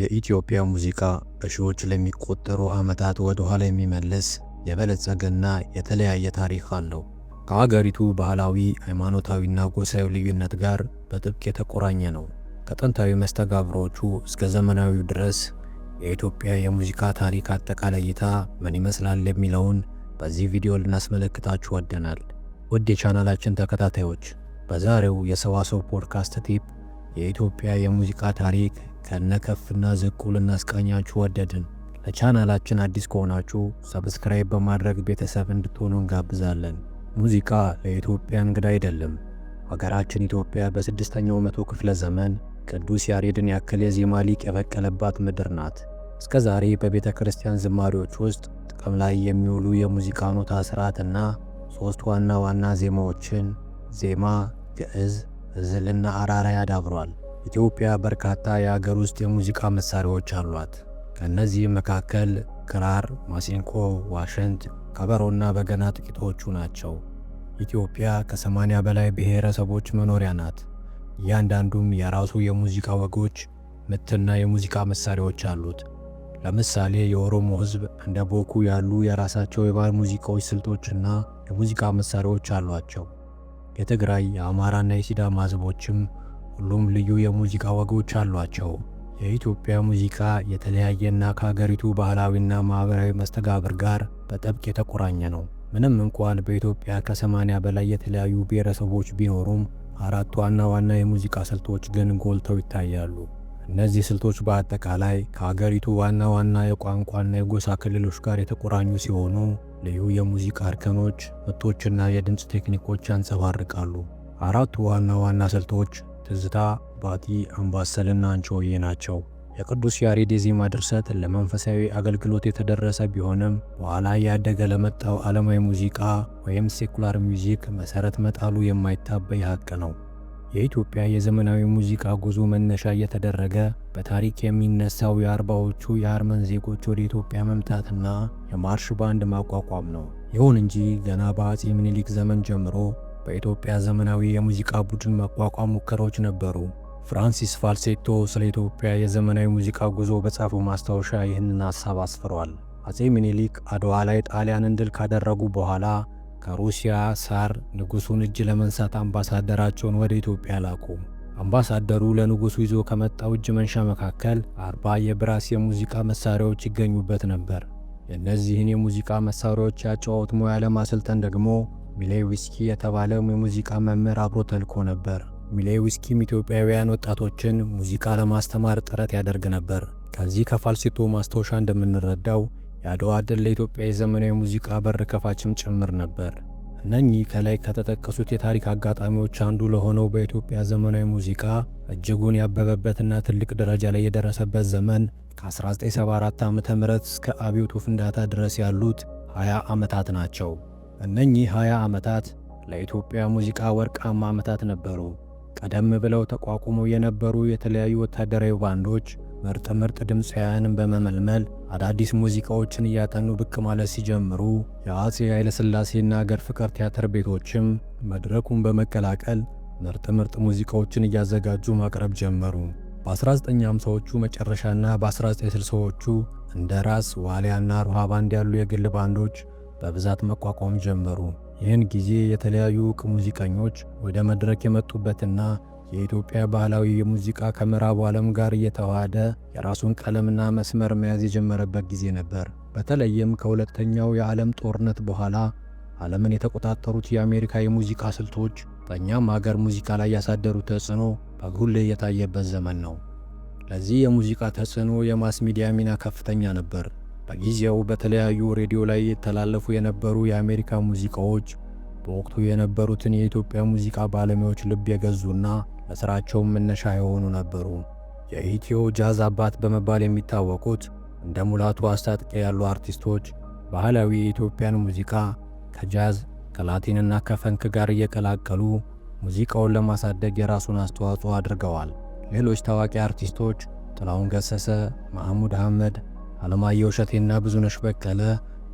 የኢትዮጵያ ሙዚቃ በሺዎች ለሚቆጠሩ ዓመታት ወደ ኋላ የሚመልስ የበለጸገና የተለያየ ታሪክ አለው። ከአገሪቱ ባህላዊ፣ ሃይማኖታዊና ጎሳዊ ልዩነት ጋር በጥብቅ የተቆራኘ ነው። ከጥንታዊ መስተጋብሮቹ እስከ ዘመናዊው ድረስ የኢትዮጵያ የሙዚቃ ታሪክ አጠቃላይ እይታ ምን ይመስላል የሚለውን በዚህ ቪዲዮ ልናስመለክታችሁ ወደናል። ውድ የቻናላችን ተከታታዮች በዛሬው የሰዋሰው ፖድካስት ቲፕ የኢትዮጵያ የሙዚቃ ታሪክ ከነከፍና ዝቁ ልናስቃኛችሁ ወደድን። ለቻናላችን አዲስ ከሆናችሁ ሰብስክራይብ በማድረግ ቤተሰብ እንድትሆኑ እንጋብዛለን። ሙዚቃ ለኢትዮጵያ እንግዳ አይደለም። ሀገራችን ኢትዮጵያ በስድስተኛው መቶ ክፍለ ዘመን ቅዱስ ያሬድን ያክል የዜማ ሊቅ የበቀለባት ምድር ናት። እስከ ዛሬ በቤተ ክርስቲያን ዝማሪዎች ውስጥ ጥቅም ላይ የሚውሉ የሙዚቃ ኖታ ስርዓትና ሦስት ዋና ዋና ዜማዎችን ዜማ፣ ግዕዝ ዝልና አራራ ያዳብሯል። ኢትዮጵያ በርካታ የአገር ውስጥ የሙዚቃ መሳሪያዎች አሏት። ከእነዚህ መካከል ክራር፣ ማሲንቆ፣ ዋሽንት፣ ከበሮና በገና ጥቂቶቹ ናቸው። ኢትዮጵያ ከ80 በላይ ብሔረሰቦች መኖሪያ ናት። እያንዳንዱም የራሱ የሙዚቃ ወጎች፣ ምትና የሙዚቃ መሳሪያዎች አሉት። ለምሳሌ የኦሮሞ ሕዝብ እንደ ቦኩ ያሉ የራሳቸው የባህል ሙዚቃዎች ስልቶችና የሙዚቃ መሳሪያዎች አሏቸው። የትግራይ የአማራና የሲዳማ ህዝቦችም ሁሉም ልዩ የሙዚቃ ወጎች አሏቸው። የኢትዮጵያ ሙዚቃ የተለያየና ከሀገሪቱ ባህላዊና ማኅበራዊ መስተጋብር ጋር በጥብቅ የተቆራኘ ነው። ምንም እንኳን በኢትዮጵያ ከ በላይ የተለያዩ ብሔረሰቦች ቢኖሩም አራት ዋና ዋና የሙዚቃ ስልቶች ግን ጎልተው ይታያሉ። እነዚህ ስልቶች በአጠቃላይ ከአገሪቱ ዋና ዋና የቋንቋና የጎሳ ክልሎች ጋር የተቆራኙ ሲሆኑ ልዩ የሙዚቃ እርከኖች፣ ምቶችና የድምፅ ቴክኒኮች ያንጸባርቃሉ። አራቱ ዋና ዋና ስልቶች ትዝታ፣ ባቲ፣ አምባሰልና አንቾዬ ናቸው። የቅዱስ ያሬድ የዜማ ድርሰት ለመንፈሳዊ አገልግሎት የተደረሰ ቢሆንም በኋላ እያደገ ለመጣው ዓለማዊ ሙዚቃ ወይም ሴኩላር ሚውዚክ መሠረት መጣሉ የማይታበይ ሀቅ ነው። የኢትዮጵያ የዘመናዊ ሙዚቃ ጉዞ መነሻ እየተደረገ በታሪክ የሚነሳው የአርባዎቹ የአርመን ዜጎች ወደ ኢትዮጵያ መምጣትና የማርሽ ባንድ ማቋቋም ነው። ይሁን እንጂ ገና በአጼ ምኒልክ ዘመን ጀምሮ በኢትዮጵያ ዘመናዊ የሙዚቃ ቡድን መቋቋም ሙከራዎች ነበሩ። ፍራንሲስ ፋልሴቶ ስለ ኢትዮጵያ የዘመናዊ ሙዚቃ ጉዞ በጻፈው ማስታወሻ ይህንን ሀሳብ አስፍሯል። አጼ ምኒልክ አድዋ ላይ ጣሊያንን ድል ካደረጉ በኋላ ከሩሲያ ሳር ንጉሱን እጅ ለመንሳት አምባሳደራቸውን ወደ ኢትዮጵያ ላኩ። አምባሳደሩ ለንጉሱ ይዞ ከመጣው እጅ መንሻ መካከል አርባ የብራስ የሙዚቃ መሳሪያዎች ይገኙበት ነበር። የእነዚህን የሙዚቃ መሳሪያዎች ያጫወት ሙያ ለማሰልጠን ደግሞ ዊስኪ የተባለው የሙዚቃ መምህር አብሮ ተልኮ ነበር። ዊስኪም ኢትዮጵያውያን ወጣቶችን ሙዚቃ ለማስተማር ጥረት ያደርግ ነበር። ከዚህ ከፋልሲቶ ማስታወሻ እንደምንረዳው የአድዋ ድል ለኢትዮጵያ የዘመናዊ ሙዚቃ በር ከፋችም ጭምር ነበር። እነኚህ ከላይ ከተጠቀሱት የታሪክ አጋጣሚዎች አንዱ ለሆነው በኢትዮጵያ ዘመናዊ ሙዚቃ እጅጉን ያበበበትና ትልቅ ደረጃ ላይ የደረሰበት ዘመን ከ1974 ዓ ም እስከ አብዮቱ ፍንዳታ ድረስ ያሉት 20 ዓመታት ናቸው። እነኚህ 20 ዓመታት ለኢትዮጵያ ሙዚቃ ወርቃማ ዓመታት ነበሩ። ቀደም ብለው ተቋቁመው የነበሩ የተለያዩ ወታደራዊ ባንዶች ምርጥ ምርጥ ድምፃውያንን በመመልመል አዳዲስ ሙዚቃዎችን እያጠኑ ብቅ ማለት ሲጀምሩ የአጼ ኃይለሥላሴና አገር ፍቅር ቲያትር ቤቶችም መድረኩን በመቀላቀል ምርጥ ምርጥ ሙዚቃዎችን እያዘጋጁ ማቅረብ ጀመሩ። በ1950ዎቹ መጨረሻና በ1960ዎቹ እንደ ራስ ዋሊያና ሩሃ ባንድ ያሉ የግል ባንዶች በብዛት መቋቋም ጀመሩ። ይህን ጊዜ የተለያዩ ዕውቅ ሙዚቀኞች ወደ መድረክ የመጡበትና የኢትዮጵያ ባህላዊ የሙዚቃ ከምዕራቡ ዓለም ጋር እየተዋሃደ የራሱን ቀለምና መስመር መያዝ የጀመረበት ጊዜ ነበር። በተለይም ከሁለተኛው የዓለም ጦርነት በኋላ ዓለምን የተቆጣጠሩት የአሜሪካ የሙዚቃ ስልቶች በእኛም አገር ሙዚቃ ላይ ያሳደሩት ተጽዕኖ በጉልህ የታየበት ዘመን ነው። ለዚህ የሙዚቃ ተጽዕኖ የማስ ሚዲያ ሚና ከፍተኛ ነበር። በጊዜው በተለያዩ ሬዲዮ ላይ የተላለፉ የነበሩ የአሜሪካ ሙዚቃዎች በወቅቱ የነበሩትን የኢትዮጵያ ሙዚቃ ባለሙያዎች ልብ የገዙና ለስራቸውም መነሻ የሆኑ ነበሩ። የኢትዮ ጃዝ አባት በመባል የሚታወቁት እንደ ሙላቱ አስታጥቄ ያሉ አርቲስቶች ባህላዊ የኢትዮጵያን ሙዚቃ ከጃዝ ከላቲንና ከፈንክ ጋር እየቀላቀሉ ሙዚቃውን ለማሳደግ የራሱን አስተዋጽኦ አድርገዋል። ሌሎች ታዋቂ አርቲስቶች ጥላሁን ገሰሰ፣ መሐሙድ አህመድ፣ አለማየሁ እሸቴና ብዙነሽ በቀለ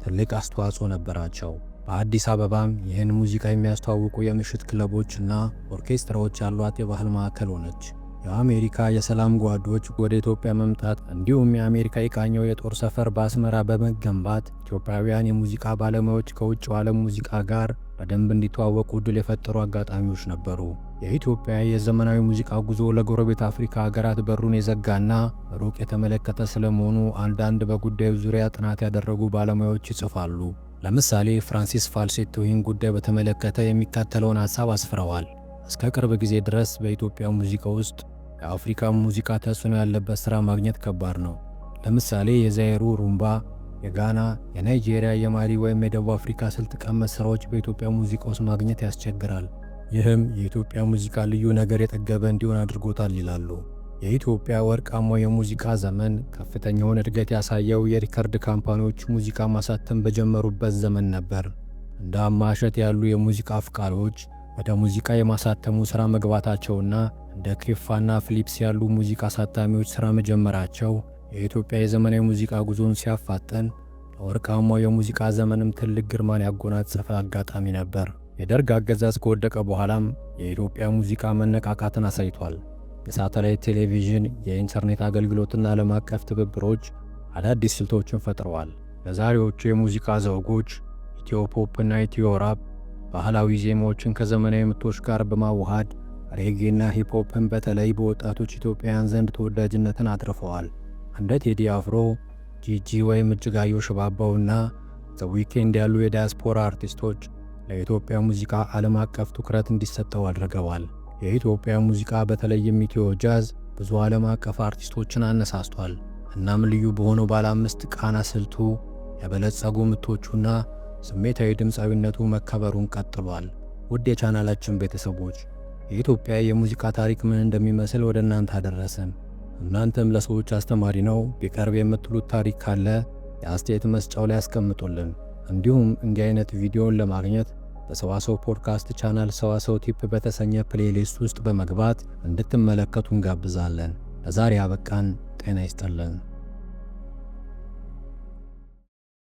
ትልቅ አስተዋጽኦ ነበራቸው። በአዲስ አበባም ይህን ሙዚቃ የሚያስተዋውቁ የምሽት ክለቦች እና ኦርኬስትራዎች ያሏት የባህል ማዕከል ሆነች። የአሜሪካ የሰላም ጓዶች ወደ ኢትዮጵያ መምጣት እንዲሁም የአሜሪካ የቃኘው የጦር ሰፈር በአስመራ በመገንባት ኢትዮጵያውያን የሙዚቃ ባለሙያዎች ከውጭው ዓለም ሙዚቃ ጋር በደንብ እንዲተዋወቁ ዕድል የፈጠሩ አጋጣሚዎች ነበሩ። የኢትዮጵያ የዘመናዊ ሙዚቃ ጉዞ ለጎረቤት አፍሪካ ሀገራት በሩን የዘጋና ሩቅ የተመለከተ ስለመሆኑ አንዳንድ በጉዳዩ ዙሪያ ጥናት ያደረጉ ባለሙያዎች ይጽፋሉ። ለምሳሌ ፍራንሲስ ፋልሴቶ ይህን ጉዳይ በተመለከተ የሚከተለውን ሀሳብ አስፍረዋል። እስከ ቅርብ ጊዜ ድረስ በኢትዮጵያ ሙዚቃ ውስጥ የአፍሪካ ሙዚቃ ተጽዕኖ ያለበት ሥራ ማግኘት ከባድ ነው። ለምሳሌ የዛይሩ ሩምባ፣ የጋና፣ የናይጄሪያ፣ የማሊ ወይም የደቡብ አፍሪካ ስልት ቀመስ ሥራዎች በኢትዮጵያ ሙዚቃ ውስጥ ማግኘት ያስቸግራል። ይህም የኢትዮጵያ ሙዚቃ ልዩ ነገር የጠገበ እንዲሆን አድርጎታል ይላሉ። የኢትዮጵያ ወርቃማው የሙዚቃ ዘመን ከፍተኛውን እድገት ያሳየው የሪከርድ ካምፓኒዎች ሙዚቃ ማሳተም በጀመሩበት ዘመን ነበር። እንደ አማሸት ያሉ የሙዚቃ አፍቃሪዎች ወደ ሙዚቃ የማሳተሙ ሥራ መግባታቸውና እንደ ኬፋና ፊሊፕስ ያሉ ሙዚቃ አሳታሚዎች ሥራ መጀመራቸው የኢትዮጵያ የዘመናዊ ሙዚቃ ጉዞን ሲያፋጠን ለወርቃማው የሙዚቃ ዘመንም ትልቅ ግርማን ያጎናጸፈ አጋጣሚ ነበር። የደርግ አገዛዝ ከወደቀ በኋላም የኢትዮጵያ ሙዚቃ መነቃቃትን አሳይቷል። የሳተላይት ቴሌቪዥን፣ የኢንተርኔት አገልግሎትና ዓለም አቀፍ ትብብሮች አዳዲስ ስልቶችን ፈጥረዋል። ለዛሬዎቹ የሙዚቃ ዘውጎች ኢትዮፖፕ እና ኢትዮራፕ ባህላዊ ዜማዎችን ከዘመናዊ ምቶች ጋር በማዋሃድ ሬጌና ሂፖፕን በተለይ በወጣቶች ኢትዮጵያውያን ዘንድ ተወዳጅነትን አትርፈዋል። እንደ ቴዲ አፍሮ፣ ጂጂ ወይም እጅጋየሁ ሽባባውና ዘ ዊኬንድ ያሉ የዲያስፖራ አርቲስቶች ለኢትዮጵያ ሙዚቃ ዓለም አቀፍ ትኩረት እንዲሰጠው አድርገዋል። የኢትዮጵያ ሙዚቃ በተለይም ኢትዮ ጃዝ ብዙ ዓለም አቀፍ አርቲስቶችን አነሳስቷል። እናም ልዩ በሆነው ባለ አምስት ቃና ስልቱ የበለጸጉ ምቶቹና ስሜታዊ ድምፃዊነቱ መከበሩን ቀጥሏል። ውድ የቻናላችን ቤተሰቦች የኢትዮጵያ የሙዚቃ ታሪክ ምን እንደሚመስል ወደ እናንተ አደረሰን። እናንተም ለሰዎች አስተማሪ ነው ቢቀርብ የምትሉት ታሪክ ካለ የአስተያየት መስጫው ላይ ያስቀምጡልን። እንዲሁም እንዲህ አይነት ቪዲዮን ለማግኘት በሰዋሰው ፖድካስት ቻናል ሰዋሰው ቲፕ በተሰኘ ፕሌሊስት ውስጥ በመግባት እንድትመለከቱ እንጋብዛለን። ለዛሬ አበቃን። ጤና ይስጠልን።